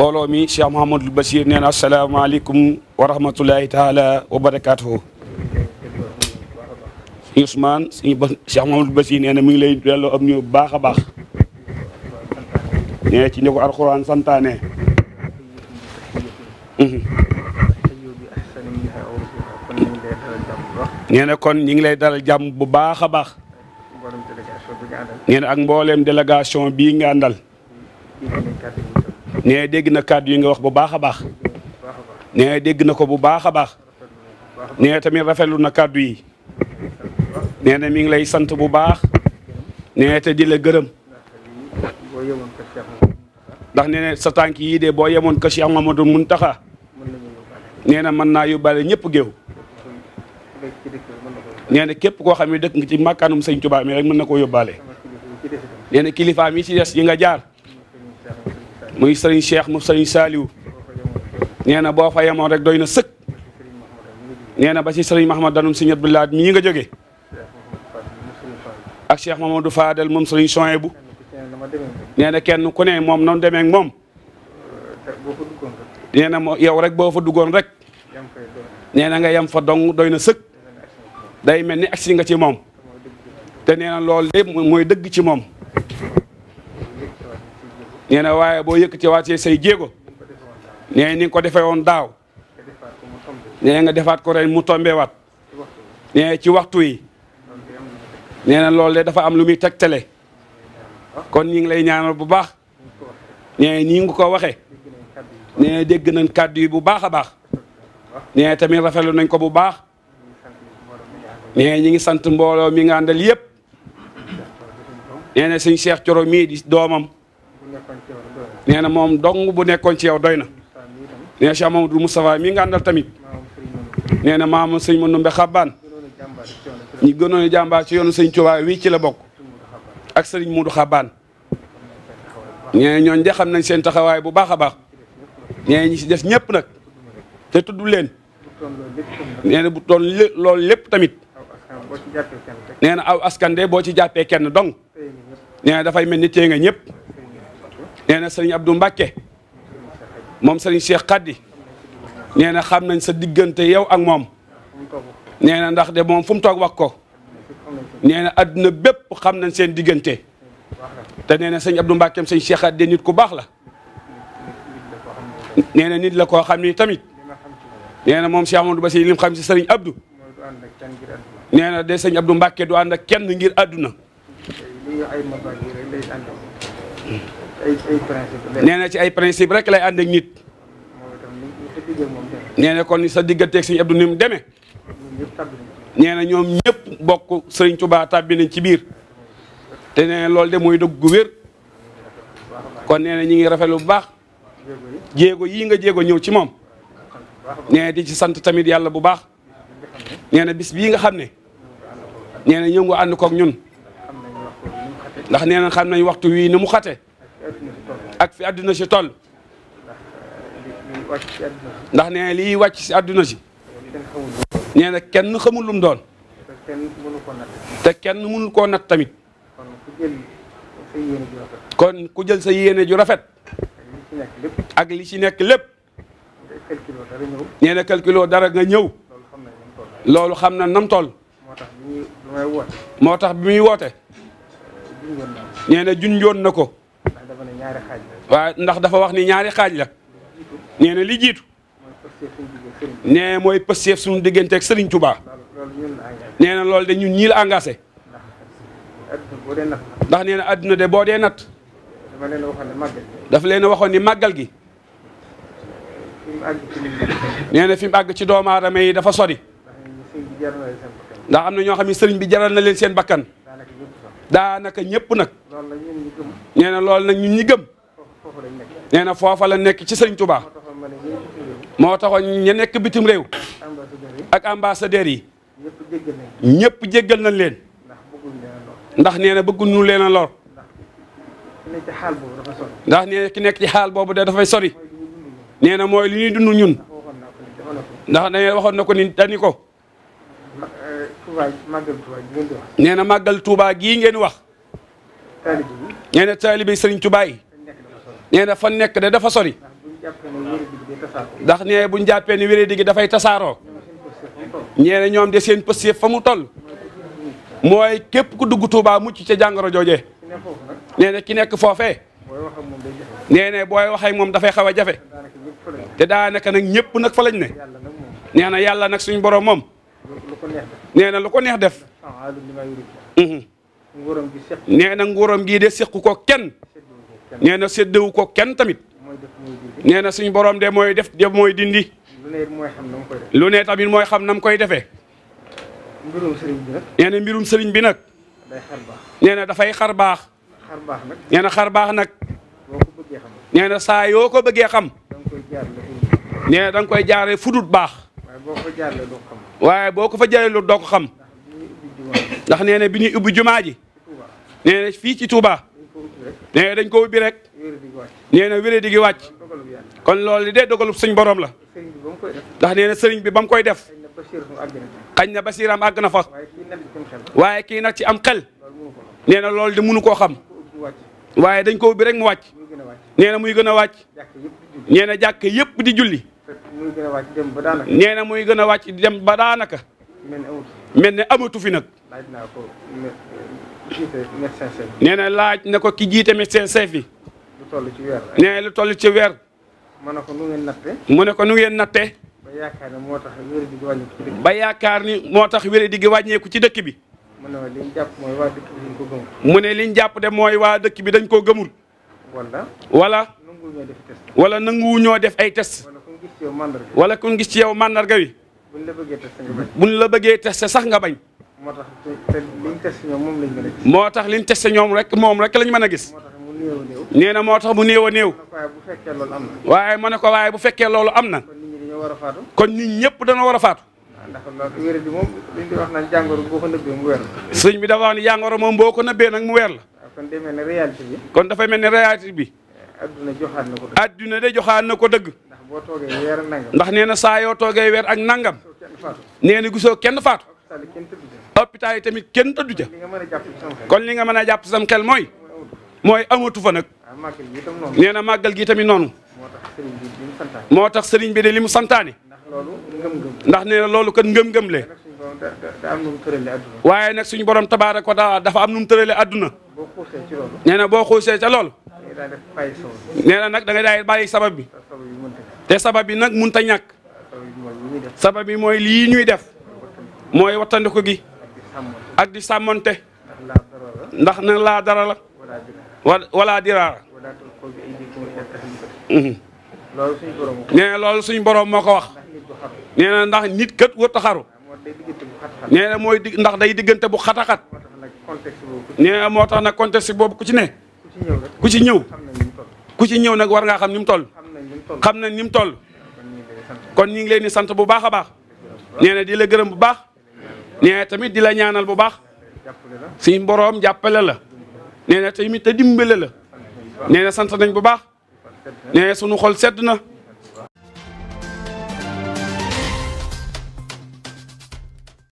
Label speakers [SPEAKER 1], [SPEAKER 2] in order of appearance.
[SPEAKER 1] mbooloo mi Cheikh Mouhamadul Bachir nee na asalaamaaleykum wa rahmatulahi taala wa barakaatuhu suñu Ousmane suñu ba Cheikh Mouhamadul nee na mi ngi lay delloo am ñu baax a baax nee ci ñu ko alxuraan santaane mhm. nee kon ñi ngi lay dalal jàmm bu baax a baax nee ak mbooleem délégation bii nga àndal nee dégg na kàddu yi nga wax bu baax a baax. nee dégg na ko bu baax a baax. nee tamit rafetlu na kàddu yi. nee na mi ngi lay sant bu baax. nee te di la gërëm. ndax nee sa tànk yii de boo yemoon ko Cheikh Mamadou Muntaxa. nee na mën naa yóbbaale ñëpp géew. nee na képp koo xam ne dëkk nga ci màkkaanum sëñ Tuubaa mi rek mën na koo yóbbaale. nee na kilifaam ci des yi nga jaar. muy sëriñ Cheikh mu sëriñ saaliw nee na boo fa yemoon rek doy na sëkk nee na ba si sëriñ Mahamad danum si ñett bi laaj mii nga jógee ak Cheikh Mamadou Fadel moom sëriñ Soyebu nee na kenn ku ne moom noonu demee moom nee na moo yow rek boo fa duggoon rek nee na nga yem fa dong doy na sëkk day mel ni agsi nga ci moom te nee na loolu mooy dëgg ci moom nee na waaye boo yëkk ci waatee say jéego nee na ko defee woon daaw nee nga defaat ko ren mu tombé waat nee ci waxtu yi nee na loolu dafa am lu muy tegtale kon ñu ngi lay ñaanal bu baax nee nii nga ko waxee nee na dégg nañ kàddu yi bu baax a baax nee na tamit rafetlu nañ ko bu baax nee na ñu ngi sant mbooloo mi nga àndal yëpp nee na suñu Cheikh Thioro mii di doomam. nee na moom dong bu nekkoon ci yow doy na. nee na Cheikh Mamadou Moustapha nga àndal tamit. nee na maam sëñ Mandoumbe Xabaan ñi gënoon a ci yoon sëñ Tuubaa wii ci la bokk. ak sëriñ Muudu Xabaan. nee na ñooñu de xam nañ seen taxawaay bu baax a baax. nee na ñi si ñëpp nag. te tudd leen. nee bu doon lool lépp tamit. nee aw askan de boo ci jàppee kenn dong. nee dafay mel ni téye nee na sëriñ mbake moom sëriñ Cheikh Khady nee xam nañ sa diggante yow ak moom nee na ndax de moom fu mu toog wax ko nee na adduna bépp xam nañ seen diggante te nee na sëñ Abdou Mbackeem sëñ Cheikh Khady nit ku baax la nee na nit la koo xam ni tamit nee na moom Cheikh Amadou Bassir lim xam si sëriñ Abdou nee na de sëñ Abdou Mbacke du ànd ak kenn ngir adduna. nee na ci ay principe rek lay ànd ak nit. nee na kon sa digganteeg sëñ Abdou ni mu demee. nee na ñoom ñëpp bokk sëriñ Touba tàbbi nañ ci biir. te nee na loolu de mooy dëgg gu wér. kon nee na ñu ngi rafetlu bu baax. jéego yii nga jéego ñëw ci moom. nee di ci sant tamit yàlla bu baax. nee na bis bii nga xam ne. nee na ñëw nga ànd ñun. ndax nee na xam nañ waxtu wii ni mu xate ak fi àdduna si toll ndax nee liy wàcc si àdduna si nee na kenn xamul lu mu doon te kenn mënu koo nat tamit kon ku jël sa yéene ju rafet ak li ci nekk lépp nee na calculoo dara nga ñëw loolu xam na nam toll moo tax bi muy woote nee na junjoon na ko waaw ndax dafa wax ni ñaari xaaj la nee na li jiitu nee mooy pësteef suñu diggante sëriñ Serigne Touba nee na loolu de ñun ñii la engagé ndax nee na adduna de boo dee nat dafa leen a waxoon ni màggal gi nee na fi àgg ci doomu aadama yi dafa sori ndax am na ñoo xam ne sëriñ bi jaral na leen seen bakkan daanaka ñëpp nag.
[SPEAKER 2] lool
[SPEAKER 1] na loolu nag ñun ñi gëm. nee na foofa la nekk ci sëñ Touba. moo taxoon ña nekk bitim réew. ak ambassadeurs yi. ñëpp jéggal nañ leen. ndax nee na bëgguñu leen a lor. ndax nee ki nekk ci xaal boobu de dafay sori. nee na mooy li ñuy dund ñun. ndax nee waxoon na ko ni dani ko. nee na màggal Touba gii ngeen wax. nee na Sëriñ Touba yi. nee na fan nekk de dafa sori. ndax nee bu ñu jàppee ne wéré digi dafay tasaaroo. nee ñoom de seen pëstéef fa mu toll. mooy képp ku dugg Touba mucc ca jàngoro jooje. nee na ki nekk foofe nee na booy waxee moom dafay xaw a jafe. te daanaka nag ñëpp nag fa lañ ne. nee na yàlla nag suñu borom moom.
[SPEAKER 2] lu
[SPEAKER 1] ko neex def nee ngorom gi de seq ko ken nee seddew ko ken tamit. nee suñu borom de moy def de moy dindi.
[SPEAKER 2] lu ne mooy xam nam koy
[SPEAKER 1] def. lu tamit mooy xam nam koy defee. mbirum sëriñ bi nag. nee na mbirum sëriñ bi nag. day xar baax. xar bax xar baax xar bax nak boo sa yo ko beugé xam. da dang koy jaaré fudut bax waaye boo ko fa jaaree lu xam. ndax nee na bi ñuy ubbi jumaa ji. nee na fii ci Touba. nee dañ ko ubbi rek. nee na wéradi gi wàcc. kon loolu de dogalub suñ borom la. ndax nee na sëriñ bi ba mu koy def. kañ na basiiram àgg na fa. waaye kii nag ci am xel. nee na loolu di mënu koo xam. waaye dañ ko ubbi rek mu wàcc. nee na muy gën a wàcc. nee na jàkk di julli. muy gën nee na muy gën a wàcc dem ba daanaka. mel ne amatu fi mel ne amatu fi nag. laaj naa ko nee na laaj na ko ki jiite médecin chef bi. lu toll ci weer. toll ci weer.
[SPEAKER 2] mu ne ko nu natte.
[SPEAKER 1] mu ne ko nu ngeen natte. ba yaakaar ni moo tax wéradi gi wàññeeku ci dëkk yaakaar ni moo tax wéradi gi wàññeeku ci dëkk bi. mu ne li jàpp de mooy waa dëkk bi dañ koo gëmul. wala. wala nanguwu ñoo def ay test. wala ku gis ci yow màndarga wi.
[SPEAKER 2] buñ la bëggee testé nga bañ.
[SPEAKER 1] buñ la bëggee testé sax nga bañ. moo tax liñ testé ñoom moom a moom rek lañ mën a gis. nee na moo tax mu néew a néew. waaye ma ne ko waaye bu fekkee loolu am na. kon nit ñëpp dañoo war a faatu.
[SPEAKER 2] Ah, ndax loolu wér di moom liñ di wax
[SPEAKER 1] naan jàngoro boo ko nëbbee mu weer la. bi dafa wax ni jàngoro moom boo ko nëbbee nag mu weer la.
[SPEAKER 2] Ah, kon day mel ne réalité bi.
[SPEAKER 1] kon dafay mel ne réalité bi. Eh, adduna na ko dëgg. adduna de joxaat na ko dëgg. ndax neena sa yo toge wer ak nangam neena guso kenn faatu hopital yi tamit kenn tuddu ja kon li nga meuna japp sam kel moy moy amatu fa nak neena magal gi tamit nonu motax serigne bi de limu mu ndax neena lolu kat ngem le waye nak suñu borom tabarak wa taala dafa am num teurele aduna neena bo na ci lolu neena nak da ngay day baye sababu te sabab bi nag mënut a ñàkk sabab bi mooy lii ñuy def mooy wattandiku gi ak di sàmmante ndax na laa dara la wala diraara mhm. nee na loolu suñ borom moo ko wax nee na ndax nit kat wër taxaru nee na mooy dig ndax day diggante bu xataxat nee na moo tax nag contexte boobu ku ci ne ku ci ñëw ku ci ñëw nag war ngaa xam ni mu xam na ni mu toll kon ñu ngi leen di sant bu baax a baax nee na di la gërëm bu baax nee tamit di la ñaanal bu baax suñ boroom jàppale la nee na tamit te dimbale la nee na sant nañ bu baax nee na sunu xol sedd na